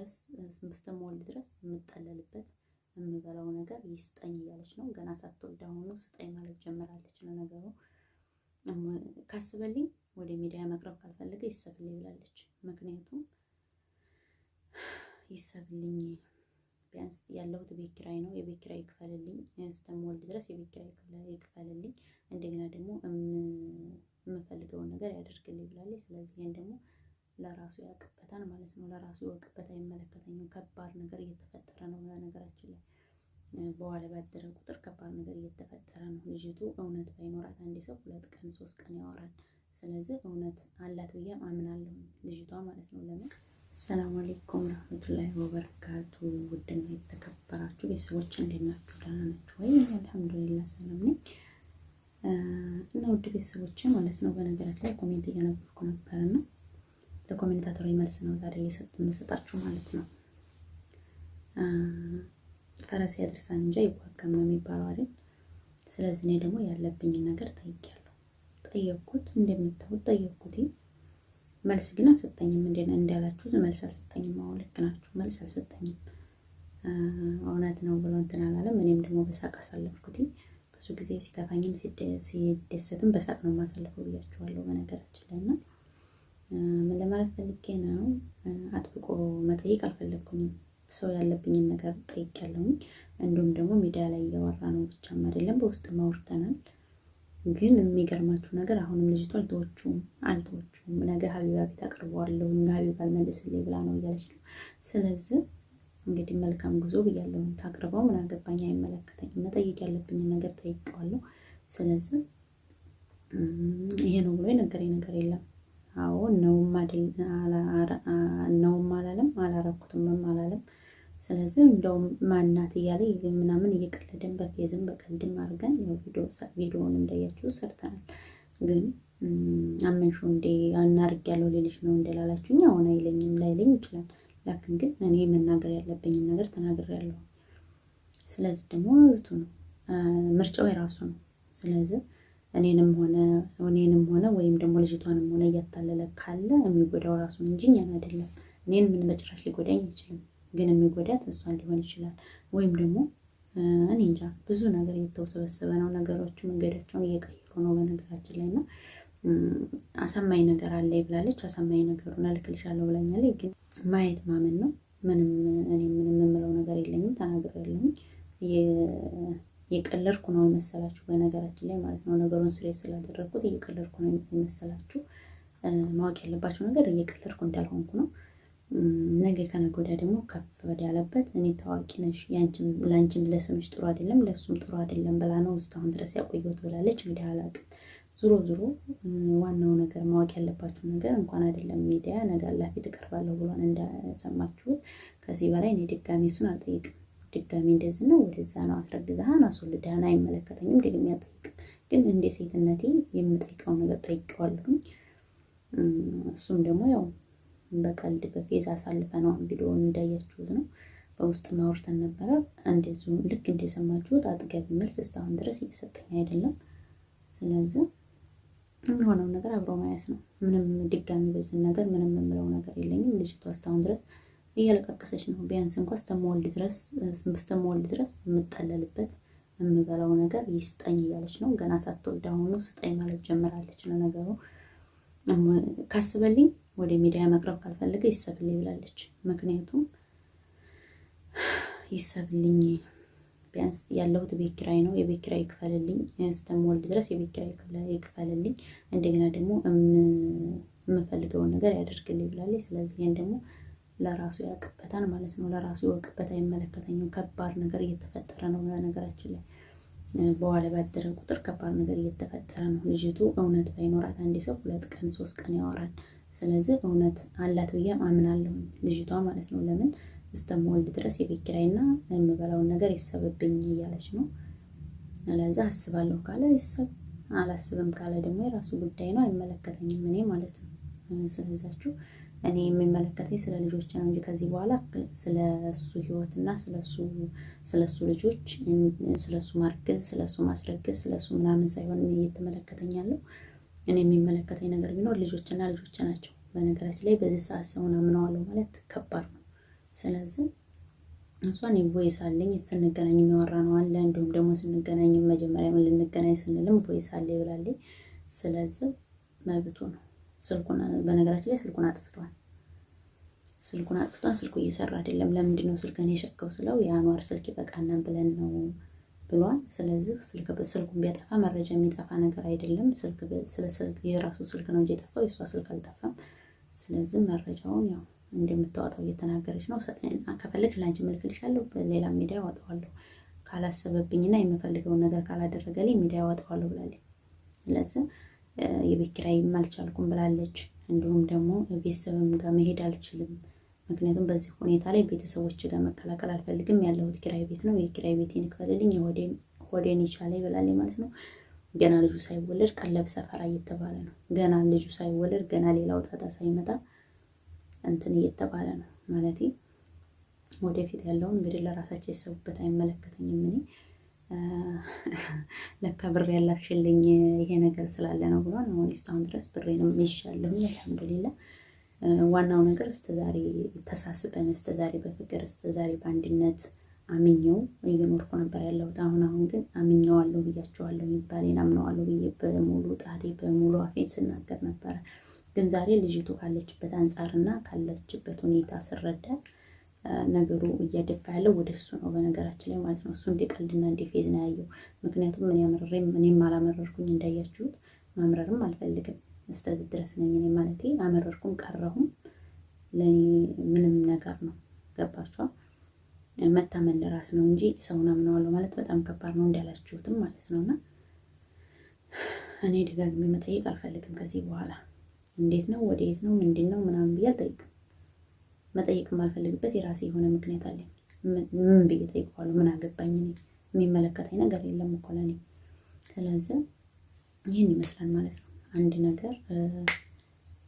ድረስ እስከምወልድ ድረስ የምጠለልበት የምበላው ነገር ይስጠኝ እያለች ነው። ገና ሳትወልድ አሁኑ ስጠኝ ማለት ጀምራለች። ነገሩ። ካስበልኝ ወደ ሚዲያ መቅረብ ካልፈለገ ይሰብልኝ ብላለች። ምክንያቱም ይሰብልኝ ቢያንስ ያለሁት ቤት ኪራይ ነው። የቤት ኪራይ ይክፈልልኝ፣ እስከምወልድ ድረስ የቤት ኪራይ ይክፈልልኝ፣ እንደገና ደግሞ የምፈልገውን ነገር ያደርግልኝ ብላለች። ስለዚህ ይህን ደግሞ ለራሱ ያውቅበታል ማለት ነው። ለራሱ ያውቅበት አይመለከተኝም። ከባድ ነገር እየተፈጠረ ነው። በነገራችን ላይ በኋላ ባደረ ቁጥር ከባድ ነገር እየተፈጠረ ነው። ልጅቱ እውነት ባይኖራት አንድ ሰው ሁለት ቀን ሶስት ቀን ያወራል። ስለዚህ እውነት አላት ብዬ አምናለሁ ልጅቷ ማለት ነው። ለምን ሰላም አለይኩም ረህመቱላሂ ወበረካቱ። ውድና የተከበራችሁ ቤተሰቦች እንዴት ናችሁ? ደህና ናችሁ ወይ? አልሐምዱሊላህ ሰላም ነኝ። እና ውድ ቤተሰቦች ማለት ነው በነገራችን ላይ ኮሜንት እያነበብኩ ነበር ነው ለኮሜንታተሩ መልስ ነው ዛሬ የምሰጣችሁ ማለት ነው። ፈረስ ያድርሳን እንጂ አይዋጋም ነው የሚባለው አይደል? ስለዚህ እኔ ደግሞ ያለብኝን ነገር ጠይቄያለሁ። ጠየቅኩት፣ እንደምታዩት ጠየቅኩት። መልስ ግን አልሰጠኝም። እንዴት እንዳላችሁት መልስ አልሰጠኝም። አሁን ልክ ናችሁ፣ መልስ አልሰጠኝም። እውነት ነው ብሎ እንትን አላለም። እኔም ደግሞ በሳቅ አሳለፍኩት። ብዙ ጊዜ ሲከፋኝም ሲደሰትም በሳቅ ነው የማሳልፈው ብያችኋለሁ በነገራችን ላይ እና ምን ለማለት ፈልጌ ነው፣ አጥብቆ መጠየቅ አልፈለግኩም። ሰው ያለብኝን ነገር ጠይቅ ያለውኝ እንዲሁም ደግሞ ሚዲያ ላይ እያወራ ነው ብቻም አይደለም፣ በውስጥ ማውርተናል። ግን የሚገርማችሁ ነገር አሁንም ልጅቷ አልተወችም አልተወችም። ነገ ሀቢባ ቤት አቅርበዋለሁ ሀቢባ አልመልስልኝ ብላ ነው እያለች ነው። ስለዚህ እንግዲህ መልካም ጉዞ ብያለሁ። ታቅርበው ምን አገባኝ አይመለከተኝም። መጠየቅ ያለብኝን ነገር ጠይቀዋለሁ። ስለዚህ ይሄ ነው ብሎ የነገረኝ ነገር የለም። አዎ ነውም አላለም አላረኩትም አላለም። ስለዚህ እንደውም ማናት እያለ ምናምን እየቀለደን በፌዝም በቀልድም አድርገን ቪዲዮውን እንዳያችሁ ሰርተናል። ግን አመንሹ እንዴ አናርግ ያለው ሌሎች ነው እንደላላችሁኝ አሁን አይለኝም ላይለኝ ይችላል። ላክን ግን እኔ መናገር ያለብኝን ነገር ያለሁ ስለዚህ ደግሞ እቱ ነው ምርጫው የራሱ ነው። ስለዚህ እኔንም ሆነ እኔንም ሆነ ወይም ደግሞ ልጅቷንም ሆነ እያታለለ ካለ የሚጎዳው ራሱን እንጂ እኛን አይደለም። እኔን ምን በጭራሽ ሊጎዳኝ አይችልም። ግን የሚጎዳት እሷን ሊሆን ይችላል። ወይም ደግሞ እኔ እንጃ ብዙ ነገር እየተወሰበሰበ ነው። ነገሮቹ መንገዳቸውን እየቀየሩ ነው። በነገራችን ላይ ና አሳማኝ ነገር አለ ብላለች። አሳማኝ ነገሩን እልክልሻለሁ ብላኛለች። ግን ማየት ማመን ነው። ምንም እኔ ምንም የምለው ነገር የለኝም። ተናግሬያለሁኝ። እየቀለድኩ ነው የመሰላችሁ በነገራችን ላይ ማለት ነው። ነገሩን ስሬ ስላደረግኩት እየቀለድኩ ነው የመሰላችሁ። ማወቅ ያለባቸው ነገር እየቀለድኩ እንዳልሆንኩ ነው። ነገ ከነገ ወዲያ ደግሞ ከፍ ወደ ያለበት እኔ ታዋቂ ነሽ ለአንቺም ለስምሽ ጥሩ አይደለም ለእሱም ጥሩ አይደለም ብላ ነው እስካሁን ድረስ ያቆየሁት ብላለች። እንግዲህ አላውቅም። ዞሮ ዞሮ ዋናው ነገር ማወቅ ያለባችሁ ነገር እንኳን አይደለም ሚዲያ ነገ ላፊ ትቀርባለሁ ብሏን እንደሰማችሁት ከዚህ በላይ እኔ ድጋሚ እሱን አልጠይቅም። ድጋሚ እንደዚህ ነው ወደዛ ነው አስረግዝሃን አስወልድሃን አይመለከተኝም፣ ደግሜ አልጠይቅም። ግን እንደ ሴትነቴ የምጠይቀው ነገር ጠይቀዋለሁኝ። እሱም ደግሞ ያው በቀልድ በፌዝ አሳልፈ ነው ቪዲዮ እንዳያችሁት ነው። በውስጥ ማውርተን ነበረ። እንደዚ ልክ እንደሰማችሁት አጥጋቢ መልስ እስካሁን ድረስ እየሰጠኝ አይደለም። ስለዚህ የሚሆነው ነገር አብሮ ማየት ነው። ምንም ድጋሚ በዚህ ነገር ምንም የምለው ነገር የለኝም። ልጅቷ እስካሁን ድረስ እያለቃቀሰች ነው። ቢያንስ እንኳ ስተመወልድ ድረስ ስተመወልድ ድረስ የምጠለልበት የምበላው ነገር ይስጠኝ እያለች ነው። ገና ሳትወልድ አሁኑ ስጠኝ ማለት ጀምራለች። ነው ነገሩ ካስበልኝ ወደ ሚዲያ መቅረብ ካልፈለገ ይሰብልኝ ብላለች። ምክንያቱም ይሰብልኝ ቢያንስ ያለሁት ቤት ኪራይ ነው። የቤት ኪራይ ይክፈልልኝ፣ ስተምወልድ ድረስ የቤት ኪራይ ይክፈልልኝ። እንደገና ደግሞ የምፈልገውን ነገር ያደርግልኝ ብላለች። ስለዚህ ደግሞ ለራሱ ያውቅበታል ማለት ነው። ለራሱ ይወቅበት፣ አይመለከተኝም። ከባድ ነገር እየተፈጠረ ነው። በነገራችን ላይ በኋላ ባደረ ቁጥር ከባድ ነገር እየተፈጠረ ነው። ልጅቱ እውነት ባይኖራት አንድ ሰው ሁለት ቀን ሶስት ቀን ያወራል። ስለዚህ እውነት አላት ብዬ አምናለሁ ልጅቷ ማለት ነው። ለምን እስከምወልድ ድረስ የቤት ኪራይና የምበላውን ነገር ይሰብብኝ እያለች ነው። ለዛ አስባለሁ ካለ ይሰብ፣ አላስብም ካለ ደግሞ የራሱ ጉዳይ ነው። አይመለከተኝም እኔ ማለት ነው ስለዛችሁ እኔ የሚመለከተኝ ስለ ልጆች ነው እንጂ ከዚህ በኋላ ስለ እሱ ህይወትና ስለ እሱ ልጆች፣ ስለ እሱ ማርገዝ፣ ስለ እሱ ማስረገዝ፣ ስለ እሱ ምናምን ሳይሆን እየተመለከተኝ ያለው እኔ የሚመለከተኝ ነገር ቢኖር ልጆችና ልጆች ናቸው። በነገራችን ላይ በዚህ ሰዓት ሰውን አምነዋለሁ ማለት ከባድ ነው። ስለዚህ እሷን ቮይስ አለኝ ስንገናኝ የሚወራ ነው አለ። እንዲሁም ደግሞ ስንገናኝ መጀመሪያ ልንገናኝ ስንልም ቮይስ አለ ይብላለኝ። ስለዚህ መብቱ ነው። ስልኩን በነገራችን ላይ ስልኩን አጥፍቷል። ስልኩን አጥፍቷል። ስልኩ እየሰራ አይደለም። ለምንድን ነው ስልክን የሸከው ስለው የአኗር ስልክ ይበቃናል ብለን ነው ብሏል። ስለዚህ ስልኩን ቢያጠፋ መረጃ የሚጠፋ ነገር አይደለም። የራሱ ስልክ ነው እንጂ የጠፋው የእሷ ስልክ አልጠፋም። ስለዚህ መረጃውን ያው እንደምታወጣው እየተናገረች ነው። ከፈለግሽ ለአንቺ እልክልሻለሁ፣ በሌላ ሚዲያ አወጣዋለሁ ካላሰበብኝና የምፈልገውን ነገር ካላደረገልኝ ሚዲያ አወጣዋለሁ ብላለች። ስለዚህ የቤት ኪራይም አልቻልኩም ብላለች። እንዲሁም ደግሞ ቤተሰብም ጋር መሄድ አልችልም፣ ምክንያቱም በዚህ ሁኔታ ላይ ቤተሰቦች ጋር መቀላቀል አልፈልግም። ያለሁት ኪራይ ቤት ነው፣ የኪራይ ቤት ይንክፈልልኝ፣ ሆዴን ይቻለኝ ብላለች ማለት ነው። ገና ልጁ ሳይወለድ ቀለብ ሰፈራ እየተባለ ነው። ገና ልጁ ሳይወለድ ገና ሌላ ውጣጣ ሳይመጣ እንትን እየተባለ ነው ማለት ወደፊት ያለውን እንግዲህ ለራሳቸው የሰቡበት አይመለከተኝም እኔ ለካ ብር ያላክሽልኝ ይሄ ነገር ስላለ ነው ብሏል። አሁን እስካሁን ድረስ ብሬንም ይሻለሁኝ። አልሐምዱሊላ ዋናው ነገር እስተዛሬ ተሳስበን እስተዛሬ በፍቅር እስተዛሬ በአንድነት አምኜው እየኖርኩ ነበር ያለሁት። አሁን አሁን ግን አምኜዋለሁ ብያቸዋለሁ ባሌን አምነዋለሁ ብዬ በሙሉ ጣቴ በሙሉ አፌን ስናገር ነበረ። ግን ዛሬ ልጅቱ ካለችበት አንጻርና ካለችበት ሁኔታ ስረዳ ነገሩ እያደፋ ያለው ወደ እሱ ነው። በነገራችን ላይ ማለት ነው እሱ እንደ ቀልድና እንደ ፌዝ ነው ያየው። ምክንያቱም ምን ያመረረ እኔም አላመረርኩኝ እንዳያችሁት፣ ማምረርም አልፈልግም። እስከዚህ ድረስ ነኝ እኔ ማለት አመረርኩም ቀረሁም ለእኔ ምንም ነገር ነው። ገባችኋ? መታመን ለራስ ነው እንጂ ሰውን አምነዋለሁ ማለት በጣም ከባድ ነው እንዳላችሁትም ማለት ነው። እና እኔ ደጋግሜ መጠየቅ አልፈልግም ከዚህ በኋላ እንዴት ነው ወደየት ነው ምንድን ነው ምናምን ብዬ አልጠይቅም። መጠየቅ የማልፈልግበት የራሴ የሆነ ምክንያት አለኝ። ምን ብዬ ጠይቀዋለሁ? ምን አገባኝ? የሚመለከተኝ ነገር የለም እኮ ለእኔ። ስለዚህ ይህን ይመስላል ማለት ነው። አንድ ነገር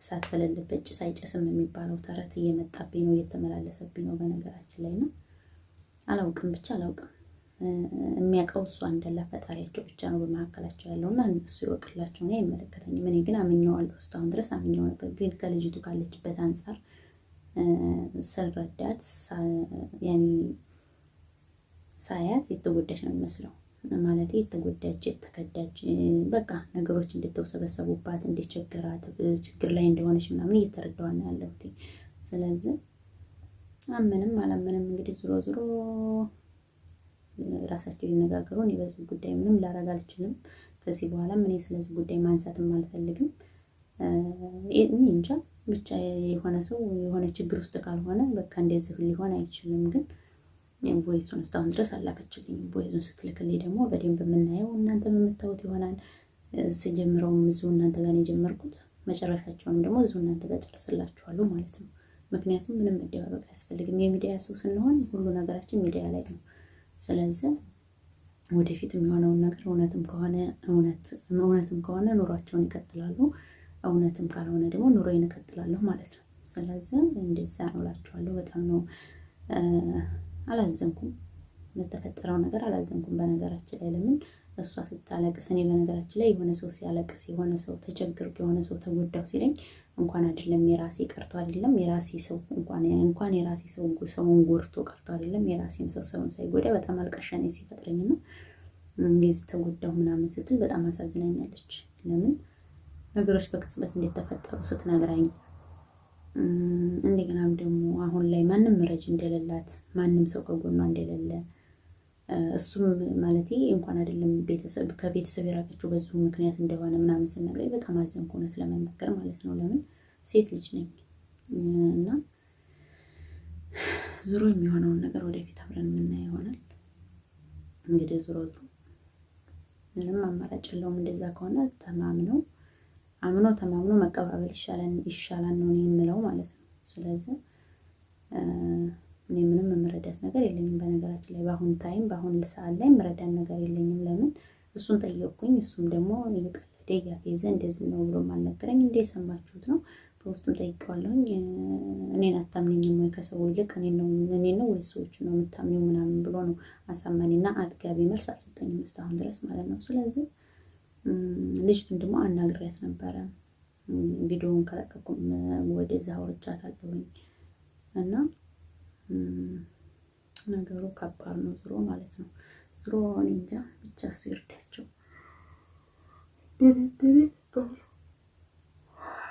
እሳት በሌለበት ጭስ አይጨስም የሚባለው ተረት እየመጣብኝ ነው፣ እየተመላለሰብኝ ነው። በነገራችን ላይ ነው አላውቅም፣ ብቻ አላውቅም። የሚያውቀው እሱ አንደላ ፈጣሪያቸው ብቻ ነው በመካከላቸው ያለው እና እሱ ይወቅላቸው፣ እኔ አይመለከተኝም። እኔ ግን አምኘዋለሁ፣ እስካሁን ድረስ አምኘው ነበር። ግን ከልጅቱ ካለችበት አንጻር ስረዳት ሳያት የተጎዳች ነው የሚመስለው። ማለት የተጎዳች የተከዳች፣ በቃ ነገሮች እንደተወሰበሰቡባት እንደቸገራት፣ ችግር ላይ እንደሆነች ምናምን እየተረዳዋ ነው ያለሁት። ስለዚህ አምንም አላምንም እንግዲህ ዝሮ ዝሮ ራሳቸው ይነጋገሩ። እኔ በዚህ ጉዳይ ምንም ላረግ አልችልም። ከዚህ በኋላ እኔ ስለዚህ ጉዳይ ማንሳትም አልፈልግም። እንጃ ብቻ የሆነ ሰው የሆነ ችግር ውስጥ ካልሆነ በቃ እንደዚህ ሊሆን አይችልም። ግን ኢንቮይሱን እስካሁን ድረስ አላከችልኝ። ኢንቮይሱን ስትልክልኝ ደግሞ በደንብ የምናየው እናንተ የምታዩት ይሆናል። ስጀምረውም እዚሁ እናንተ ጋር የጀመርኩት መጨረሻቸውንም ደግሞ እዚሁ እናንተ ጋር ጨርስላችኋሉ ማለት ነው። ምክንያቱም ምንም መደባበቅ አያስፈልግም። የሚዲያ ሰው ስንሆን ሁሉ ነገራችን ሚዲያ ላይ ነው። ስለዚህ ወደፊት የሚሆነውን ነገር እውነትም ከሆነ እውነትም ከሆነ ኑሯቸውን ይቀጥላሉ። እውነትም ካልሆነ ደግሞ ኑሮዬን እቀጥላለሁ ማለት ነው። ስለዚህ እንደዛ ነው እላችኋለሁ። በጣም ነው አላዘንኩም፣ ለተፈጠረው ነገር አላዘንኩም። በነገራችን ላይ ለምን እሷ ስታለቅስ እኔ በነገራችን ላይ የሆነ ሰው ሲያለቅስ የሆነ ሰው ተቸግር የሆነ ሰው ተጎዳው ሲለኝ እንኳን አይደለም የራሴ ቀርቶ አይደለም የራሴ ሰው እንኳን የራሴ ሰው ሰውን ጎርቶ ቀርቶ አይደለም የራሴም ሰው ሰውን ሳይጎዳ በጣም አልቃሻ ነኝ ሲፈጥረኝ ነው ተጎዳው ምናምን ስትል በጣም አሳዝናኛለች። ለምን ነገሮች በቅጽበት እንደተፈጠሩ ስትነግራኝ እንደገናም ደግሞ አሁን ላይ ማንም መረጅ እንደሌላት ማንም ሰው ከጎኗ እንደሌለ እሱም ማለት እንኳን አይደለም ቤተሰብ ከቤተሰብ የራቀችው በዙ ምክንያት እንደሆነ ምናምን ስነግረኝ በጣም አዘንኩ፣ እውነት ለመናገር ማለት ነው። ለምን ሴት ልጅ ነኝ እና ዙሮ የሚሆነውን ነገር ወደፊት አብረን የምናየው ይሆናል። እንግዲህ ዙሮ ምንም አማራጭ የለውም። እንደዛ ከሆነ ተማምነው አምኖ ተማምኖ መቀባበል ይሻላል ነው የምለው ማለት ነው። ስለዚህ እኔ ምንም የምረዳት ነገር የለኝም። በነገራችን ላይ በአሁን ታይም በአሁን ሰዓት ላይ የምረዳን ነገር የለኝም። ለምን እሱን ጠየቅኩኝ። እሱም ደግሞ እየቀለደ እያፌዘ እንደዚህ ነው ብሎ አልነገረኝ። እንደ የሰማችሁት ነው። በውስጥም ጠይቀዋለሁኝ። እኔን አታምነኝም ወይ ከሰው ይልቅ እኔ ነው ወይ ሰዎች ነው የምታምኙ ምናምን ብሎ ነው አሳማኔና አጥጋቢ መልስ አልሰጠኝም እስካሁን ድረስ ማለት ነው። ስለዚህ ልጅቱን ደግሞ አናግሪያት ነበረ። ቪዲዮውን ከለቀኩም ወደዛ አውርጃታለሁኝ እና ነገሩ ከባድ ነው። ዝሮ ማለት ነው ዝሮ እንጃ ብቻ እሱ ይርዳቸው።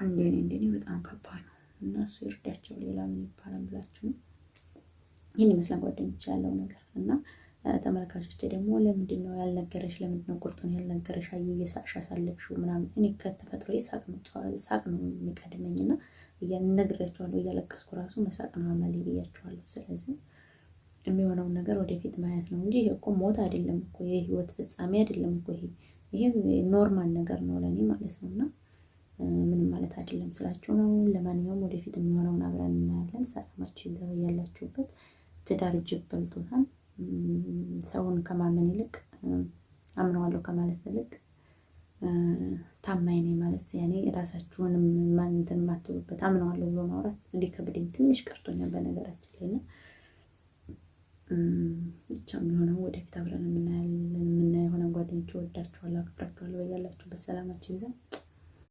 እንደኔ እንደኔ በጣም ከባድ ነው እና እሱ ይርዳቸው። ሌላ ምን ይባላል ብላችሁ ይህን ይመስላል ጓደኞች ያለው ነገር እና ተመልካቾች ደግሞ ለምንድን ነው ያልነገረሽ? ለምንድን ነው ቁርጡን ያልነገረሽ? አዩ እየሳቅሽ አሳለፍሽው ምናምን። እኔ ከተፈጥሮ ሳቅ ነው የሚቀድመኝ እና እነግራቸዋለሁ። እያለቀስኩ ራሱ መሳቅ ነው አመል ብያቸዋለሁ። ስለዚህ የሚሆነውን ነገር ወደፊት ማየት ነው እንጂ ይሄ እኮ ሞት አይደለም እኮ ይሄ ህይወት ፍጻሜ አይደለም እኮ ይሄ ይሄ ኖርማል ነገር ነው ለእኔ ማለት ነው እና ምንም ማለት አይደለም ስላችሁ ነው። ለማንኛውም ወደፊት የሚሆነውን አብረን እናያለን። ሰላማችሁ ይብዛ ያላችሁበት። ትዳር እጅግ በልቶታል። ሰውን ከማመን ይልቅ አምነዋለሁ ከማለት ይልቅ ታማኝ ነኝ ማለት ያኔ ራሳችሁንም ማንትን ማትሉበት አምነዋለሁ ብሎ ማውራት እንዲከብደኝ ትንሽ ቀርቶኛል በነገራችን ላይ ነው። ብቻ የሚሆነው ወደፊት አብረን የምናየው የሆነ ጓደኞች ወዳችኋለሁ፣ አክብራችኋለሁ። በያላችሁበት ሰላማችሁ ይብዛ።